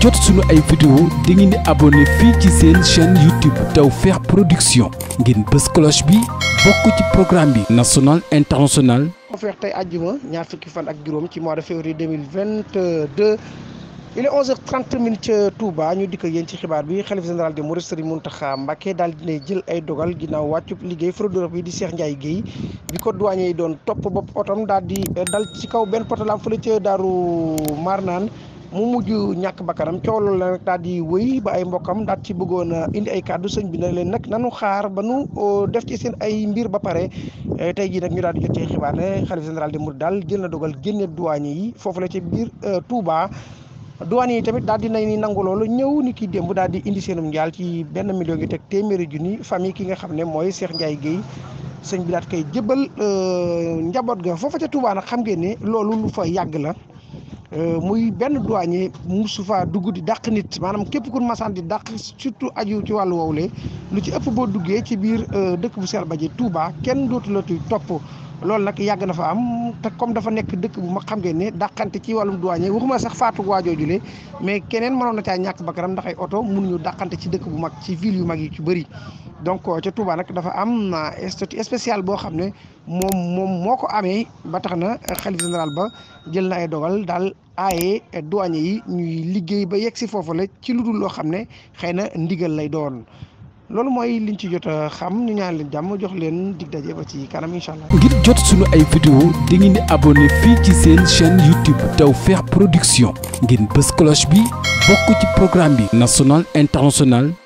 jot suñu ay vidéo da ngeen di abonné fii ci seen chaîne YouTube Tawfekh Production ngeen bës cloche bi bokk ci programme bi national international Tawfekh tey àjjuma ñaar fukki fan ak juróom ci mois de février 2022 il est 11h30 minutes ca Touba ñu dikk yéen ci xibaar bi xalif général de Mouride Serigne Mountakha Mbacké daal dina jël ay dogal ginnaaw wàccub liggéey fraudeur bi di Cheikh Ndiaye Guèye bi ko douanier yi doon topp bopp otom daal di eh, dal ci kaw benn potalam fële ca Daaru Marnaan mu mujj ñàkk bakkanam coow loolu la nag daal di woy ba ay mbokkam daal ci bëggoon indi ay kàddu sëñ bi na leen nag nanu xaar ba nu def ci seen ay mbir ba pare e, tey jii nag ñu daal di jot ci xibaar ne xalif général daal jël na dogal génne douane yi foofu la ci biir e, Touba. douane yi tamit daal di nañ ni nangu loolu ñëw ni ki démb daal di indi seenum njaal ci benn million ngi teg téeméeri ni famille ki nga xam ne mooy Cheikh Ndiaye Guèye sëñ bi daal koy jëbal e, njaboot ga foofu ca Touba nag xam ngeen loolu lu fa yàgg la. Euh, muy benn douanier musu faa dugg di daq nit maanaam képp ku masaan di dàq surtout aju ci wàllu woowule lu ci ëpp boo duggee ci biir euh, dëkk bu sell ba ji Touba kenn dootu la tuy topp loolu nag yàgg na fa am te comme dafa nekk dëkk bu ma xam ngeen ne dàqante ci wàllum douane waxuma sax faatu waajooju le mais keneen mënoon na caa ñàkk bakkanam ndax ay oto ñu dàqante ci dëkk bu mag ci ville yu mag yi ci bëri donc ca Touba nag dafa am statut spécial boo xam ne moom moom moo ko amee ba tax na xalif général ba jël na ay dogal daal aaye douane yi ñuy liggéey ba yegg si foofu la ci lu dul loo xam ne xëy na ndigal lay doon loolu mooy liñ ci jot a xam ñu ñaan leen jàmm jox leen dig daje ba ci kanam incha allah. ngir jot sunu ay vidéo di ngeen di abonné fii ci seen chaîne YouTube Tawfekh Production ngeen bës cloche bi bokk ci programme bi national international.